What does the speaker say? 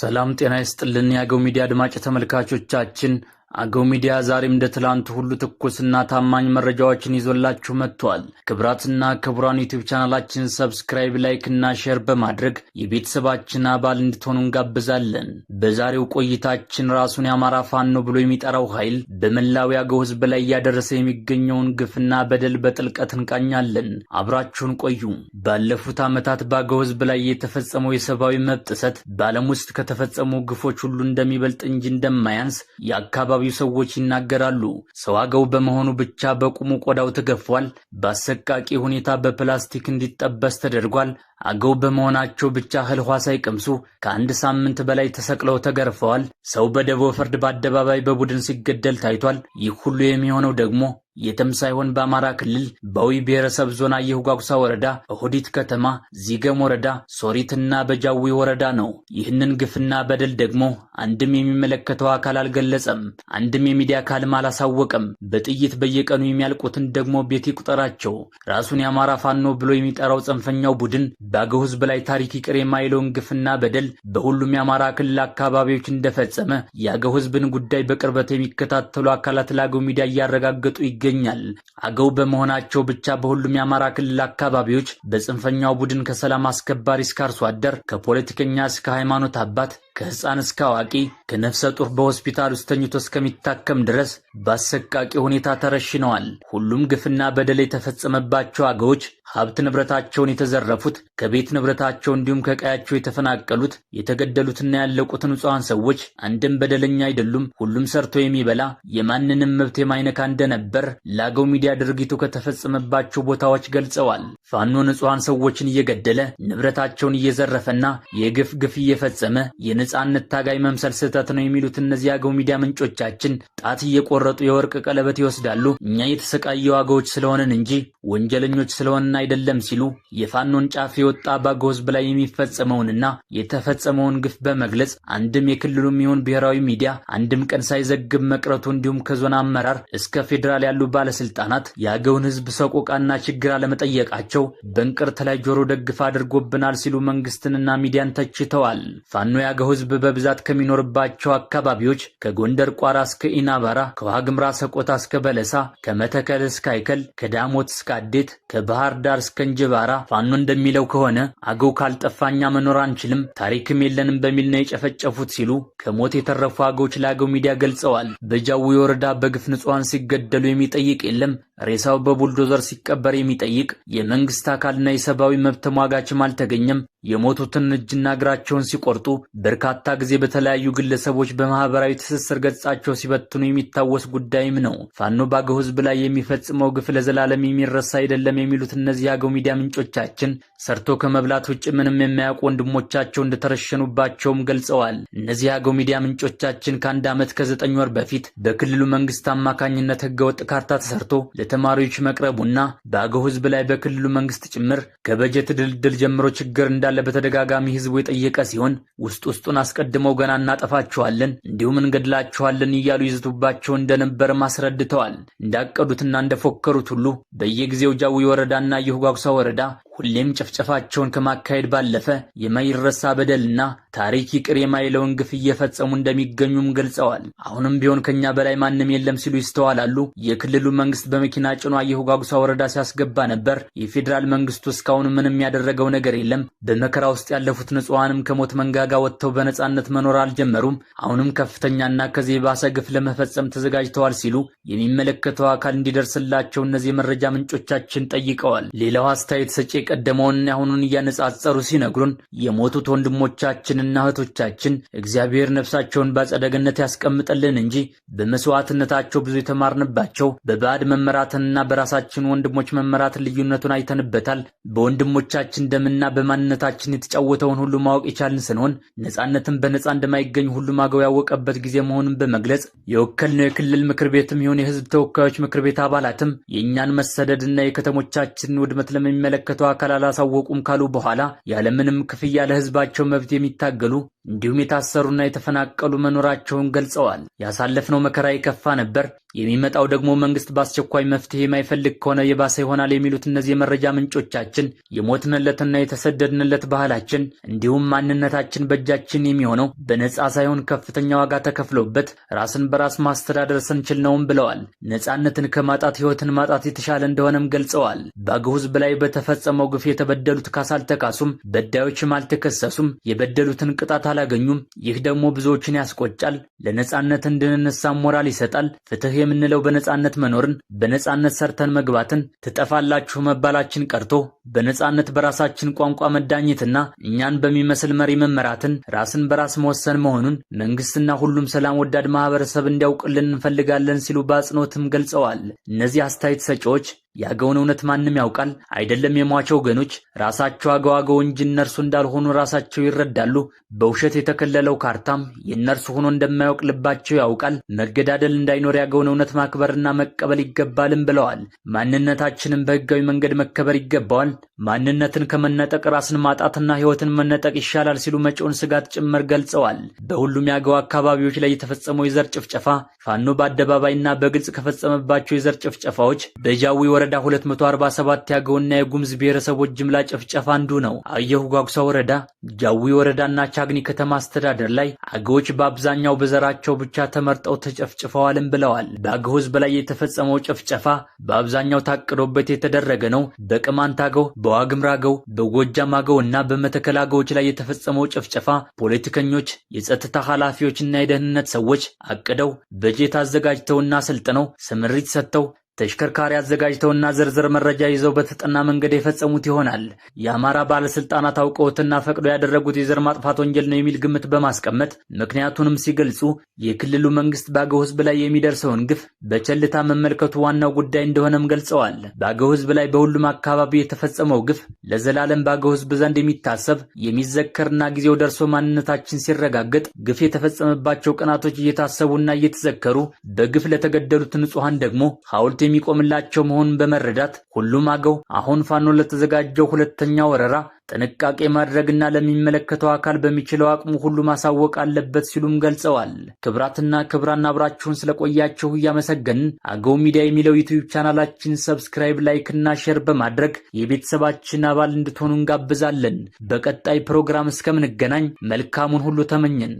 ሰላም ጤና ይስጥልን። የአገው ሚዲያ አድማጭ ተመልካቾቻችን አገው ሚዲያ ዛሬም እንደ ትላንቱ ሁሉ ትኩስና ታማኝ መረጃዎችን ይዞላችሁ መጥቷል። ክብራትና ክቡራን ዩቲዩብ ቻናላችን ሰብስክራይብ፣ ላይክ እና ሼር በማድረግ የቤተሰባችን አባል እንድትሆኑ እንጋብዛለን። በዛሬው ቆይታችን ራሱን የአማራ ፋኖ ብሎ የሚጠራው ኃይል በመላው የአገው ሕዝብ ላይ እያደረሰ የሚገኘውን ግፍና በደል በጥልቀት እንቃኛለን። አብራችሁን ቆዩ። ባለፉት ዓመታት በአገው ሕዝብ ላይ የተፈጸመው የሰብአዊ መብት ጥሰት በዓለም ውስጥ ከተፈጸሙ ግፎች ሁሉ እንደሚበልጥ እንጂ እንደማያንስ የአካባቢ የአካባቢው ሰዎች ይናገራሉ። ሰው አገው በመሆኑ ብቻ በቁሙ ቆዳው ተገፏል። በአሰቃቂ ሁኔታ በፕላስቲክ እንዲጠበስ ተደርጓል። አገው በመሆናቸው ብቻ ህልኋ ሳይቀምሱ ከአንድ ሳምንት በላይ ተሰቅለው ተገርፈዋል። ሰው በደቦ ፍርድ በአደባባይ በቡድን ሲገደል ታይቷል። ይህ ሁሉ የሚሆነው ደግሞ የትም ሳይሆን በአማራ ክልል በአዊ ብሔረሰብ ዞን አየሁ ጓጉሳ ወረዳ እሁዲት ከተማ፣ ዚገም ወረዳ፣ ሶሪትና በጃዊ ወረዳ ነው። ይህንን ግፍና በደል ደግሞ አንድም የሚመለከተው አካል አልገለጸም፣ አንድም የሚዲያ አካልም አላሳወቀም። በጥይት በየቀኑ የሚያልቁትን ደግሞ ቤት ይቁጠራቸው። ራሱን የአማራ ፋኖ ብሎ የሚጠራው ጽንፈኛው ቡድን በአገው ሕዝብ ላይ ታሪክ ይቅር የማይለውን ግፍና በደል በሁሉም የአማራ ክልል አካባቢዎች እንደፈጸመ የአገው ሕዝብን ጉዳይ በቅርበት የሚከታተሉ አካላት ለአገው ሚዲያ እያረጋገጡ ይገ ይገኛል። አገው በመሆናቸው ብቻ በሁሉም የአማራ ክልል አካባቢዎች በጽንፈኛው ቡድን ከሰላም አስከባሪ እስከ አርሶ አደር፣ ከፖለቲከኛ እስከ ሃይማኖት አባት ከህፃን እስከ አዋቂ ከነፍሰ ጡር በሆስፒታል ውስጥ ተኝቶ እስከሚታከም ድረስ በአሰቃቂ ሁኔታ ተረሽነዋል። ሁሉም ግፍና በደል የተፈጸመባቸው አገዎች ሀብት ንብረታቸውን የተዘረፉት፣ ከቤት ንብረታቸው እንዲሁም ከቀያቸው የተፈናቀሉት፣ የተገደሉትና ያለቁትን ንጹሐን ሰዎች አንድም በደለኛ አይደሉም፣ ሁሉም ሰርቶ የሚበላ የማንንም መብት የማይነካ እንደነበር ለአገው ሚዲያ ድርጊቱ ከተፈጸመባቸው ቦታዎች ገልጸዋል። ፋኖ ንጹሐን ሰዎችን እየገደለ ንብረታቸውን እየዘረፈና የግፍ ግፍ እየፈጸመ የነጻነት ታጋይ መምሰል ስህተት ነው የሚሉት እነዚህ የአገው ሚዲያ ምንጮቻችን ጣት እየቆረጡ የወርቅ ቀለበት ይወስዳሉ። እኛ የተሰቃየው አገዎች ስለሆንን እንጂ ወንጀለኞች ስለሆንን አይደለም ሲሉ የፋኖን ጫፍ የወጣ በአገው ህዝብ ላይ የሚፈጸመውንና የተፈጸመውን ግፍ በመግለጽ አንድም የክልሉም ይሁን ብሔራዊ ሚዲያ አንድም ቀን ሳይዘግብ መቅረቱ እንዲሁም ከዞን አመራር እስከ ፌዴራል ያሉ ባለስልጣናት የአገውን ህዝብ ሰቆቃና ችግር አለመጠየቃቸው በእንቅርት ላይ ጆሮ ደግፍ አድርጎብናል ሲሉ መንግስትንና ሚዲያን ተችተዋል። ፋኖ የአገው ህዝብ በብዛት ከሚኖርባቸው አካባቢዎች ከጎንደር ቋራ እስከ ኢናባራ፣ ከዋግምራ ሰቆጣ እስከ በለሳ፣ ከመተከል እስከ አይከል፣ ከዳሞት እስከ አዴት፣ ከባህር ዳር እስከ እንጅባራ ፋኖ እንደሚለው ከሆነ አገው ካልጠፋኛ መኖር አንችልም ታሪክም የለንም በሚል ነው የጨፈጨፉት ሲሉ ከሞት የተረፉ አገዎች ለአገው ሚዲያ ገልጸዋል። በጃዊ ወረዳ በግፍ ንጹሐን ሲገደሉ የሚጠይቅ የለም። ሬሳው በቡልዶዘር ሲቀበር የሚጠይቅ የመንግስት አካልና የሰብአዊ መብት ተሟጋችም አልተገኘም። የሞቱትን እጅና እግራቸውን ሲቆርጡ በርካ በርካታ ጊዜ በተለያዩ ግለሰቦች በማህበራዊ ትስስር ገጻቸው ሲበትኑ የሚታወስ ጉዳይም ነው። ፋኖ በአገው ህዝብ ላይ የሚፈጽመው ግፍ ለዘላለም የሚረሳ አይደለም የሚሉት እነዚህ የአገው ሚዲያ ምንጮቻችን ሰርቶ ከመብላት ውጭ ምንም የማያውቁ ወንድሞቻቸው እንደተረሸኑባቸውም ገልጸዋል። እነዚህ የአገው ሚዲያ ምንጮቻችን ከአንድ ዓመት ከዘጠኝ ወር በፊት በክልሉ መንግስት አማካኝነት ህገወጥ ካርታ ተሰርቶ ለተማሪዎች መቅረቡና በአገው ህዝብ ላይ በክልሉ መንግስት ጭምር ከበጀት ድልድል ጀምሮ ችግር እንዳለ በተደጋጋሚ ህዝቡ የጠየቀ ሲሆን ውስጥ ውስጥ ውስጡን አስቀድመው ገና እናጠፋችኋለን፣ እንዲሁም እንገድላችኋለን እያሉ ይዘቱባቸው እንደነበር ማስረድተዋል። እንዳቀዱትና እንደፎከሩት ሁሉ በየጊዜው ጃዊ ወረዳና የሁጓጉሳ ወረዳ ሁሌም ጭፍጨፋቸውን ከማካሄድ ባለፈ የማይረሳ በደልና ታሪክ ይቅር የማይለውን ግፍ እየፈጸሙ እንደሚገኙም ገልጸዋል። አሁንም ቢሆን ከኛ በላይ ማንም የለም ሲሉ ይስተዋላሉ። የክልሉ መንግስት በመኪና ጭኖ የሆጓጉሳ ወረዳ ሲያስገባ ነበር። የፌዴራል መንግስቱ እስካሁን ምንም ያደረገው ነገር የለም። በመከራ ውስጥ ያለፉት ንጹሐንም ከሞት መንጋጋ ወጥተው በነጻነት መኖር አልጀመሩም። አሁንም ከፍተኛና ከዚህ የባሰ ግፍ ለመፈጸም ተዘጋጅተዋል ሲሉ የሚመለከተው አካል እንዲደርስላቸው እነዚህ የመረጃ ምንጮቻችን ጠይቀዋል። ሌላው አስተያየት ሰጪ የቀደመውን ያሁኑን እያነጻጸሩ ሲነግሩን የሞቱት ወንድሞቻችንና እህቶቻችን እግዚአብሔር ነፍሳቸውን በአጸደ ገነት ያስቀምጠልን እንጂ በመስዋዕትነታቸው ብዙ የተማርንባቸው በባዕድ መመራትንና በራሳችን ወንድሞች መመራትን ልዩነቱን አይተንበታል። በወንድሞቻችን ደምና በማንነታችን የተጫወተውን ሁሉ ማወቅ የቻልን ስንሆን ነጻነትን በነፃ እንደማይገኝ ሁሉም አገው ያወቀበት ጊዜ መሆኑን በመግለጽ የወከልነው የክልል ምክር ቤትም ይሁን የህዝብ ተወካዮች ምክር ቤት አባላትም የእኛን መሰደድና የከተሞቻችንን ውድመት ለሚመለከተው አካል አላሳወቁም ካሉ በኋላ ያለምንም ክፍያ ለህዝባቸው መብት የሚታገሉ እንዲሁም የታሰሩና የተፈናቀሉ መኖራቸውን ገልጸዋል። ያሳለፍነው መከራ የከፋ ነበር፣ የሚመጣው ደግሞ መንግስት በአስቸኳይ መፍትሄ የማይፈልግ ከሆነ የባሰ ይሆናል የሚሉት እነዚህ የመረጃ ምንጮቻችን የሞትንለትና የተሰደድንለት ባህላችን እንዲሁም ማንነታችን በእጃችን የሚሆነው በነፃ ሳይሆን ከፍተኛ ዋጋ ተከፍሎበት ራስን በራስ ማስተዳደር ስንችል ነውም ብለዋል። ነፃነትን ከማጣት ህይወትን ማጣት የተሻለ እንደሆነም ገልጸዋል። በአገው በላይ ላይ በተፈጸመው ግፍ የተበደሉት ካሳ አልተካሱም፣ በዳዮችም አልተከሰሱም፣ የበደሉትን ቅጣት አላገኙም። ይህ ደግሞ ብዙዎችን ያስቆጫል። ለነጻነት እንድንነሳ ሞራል ይሰጣል። ፍትህ የምንለው በነጻነት መኖርን፣ በነጻነት ሰርተን መግባትን፣ ትጠፋላችሁ መባላችን ቀርቶ በነጻነት በራሳችን ቋንቋ መዳኘትና እኛን በሚመስል መሪ መመራትን፣ ራስን በራስ መወሰን መሆኑን መንግስትና ሁሉም ሰላም ወዳድ ማህበረሰብ እንዲያውቅልን እንፈልጋለን ሲሉ በአጽንኦትም ገልጸዋል። እነዚህ አስተያየት ሰጪዎች የአገውን እውነት ማንም ያውቃል አይደለም? የሟቸው ወገኖች ራሳቸው አገው አገው እንጂ እነርሱ እንዳልሆኑ ራሳቸው ይረዳሉ። በውሸት የተከለለው ካርታም የእነርሱ ሆኖ እንደማያውቅ ልባቸው ያውቃል። መገዳደል እንዳይኖር የአገውን እውነት ማክበርና መቀበል ይገባልም ብለዋል። ማንነታችንም በህጋዊ መንገድ መከበር ይገባዋል። ማንነትን ከመነጠቅ ራስን ማጣትና ህይወትን መነጠቅ ይሻላል ሲሉ መጪውን ስጋት ጭምር ገልጸዋል። በሁሉም የአገው አካባቢዎች ላይ የተፈጸመው የዘር ጭፍጨፋ ፋኖ በአደባባይና በግልጽ ከፈጸመባቸው የዘር ጭፍጨፋዎች በጃዊ ወረ ወረዳ 247 ያገውና የጉምዝ ብሔረሰቦች ጅምላ ጭፍጨፋ አንዱ ነው። አየሁ ጓጉሳ ወረዳ፣ ጃዊ ወረዳና ቻግኒ ከተማ አስተዳደር ላይ አገዎች በአብዛኛው በዘራቸው ብቻ ተመርጠው ተጨፍጭፈዋልም ብለዋል። በአገው ህዝብ ላይ የተፈጸመው ጭፍጨፋ በአብዛኛው ታቅዶበት የተደረገ ነው። በቅማንት አገው፣ በዋግምራ አገው፣ በጎጃም አገው እና በመተከል አገዎች ላይ የተፈጸመው ጭፍጨፋ ፖለቲከኞች፣ የጸጥታ ኃላፊዎችና የደህንነት ሰዎች አቅደው በጀት አዘጋጅተውና ስልጥነው ስምሪት ሰጥተው ተሽከርካሪ አዘጋጅተውና ዝርዝር መረጃ ይዘው በተጠና መንገድ የፈጸሙት ይሆናል። የአማራ ባለስልጣናት አውቀውትና ፈቅዶ ያደረጉት የዘር ማጥፋት ወንጀል ነው የሚል ግምት በማስቀመጥ ምክንያቱንም ሲገልጹ የክልሉ መንግስት በአገው ህዝብ ላይ የሚደርሰውን ግፍ በቸልታ መመልከቱ ዋናው ጉዳይ እንደሆነም ገልጸዋል። በአገው ህዝብ ላይ በሁሉም አካባቢ የተፈጸመው ግፍ ለዘላለም በአገው ህዝብ ዘንድ የሚታሰብ የሚዘከርና ጊዜው ደርሶ ማንነታችን ሲረጋገጥ ግፍ የተፈጸመባቸው ቀናቶች እየታሰቡና እየተዘከሩ በግፍ ለተገደሉት ንጹሐን ደግሞ ሐውልት የሚቆምላቸው መሆኑን በመረዳት ሁሉም አገው አሁን ፋኖ ለተዘጋጀው ሁለተኛ ወረራ ጥንቃቄ ማድረግና ለሚመለከተው አካል በሚችለው አቅሙ ሁሉ ማሳወቅ አለበት ሲሉም ገልጸዋል። ክብራትና ክብራን አብራችሁን ስለቆያችሁ እያመሰገንን አገው ሚዲያ የሚለው ዩትዩብ ቻናላችን ሰብስክራይብ፣ ላይክና ሼር በማድረግ የቤተሰባችን አባል እንድትሆኑ እንጋብዛለን። በቀጣይ ፕሮግራም እስከምንገናኝ መልካሙን ሁሉ ተመኘን።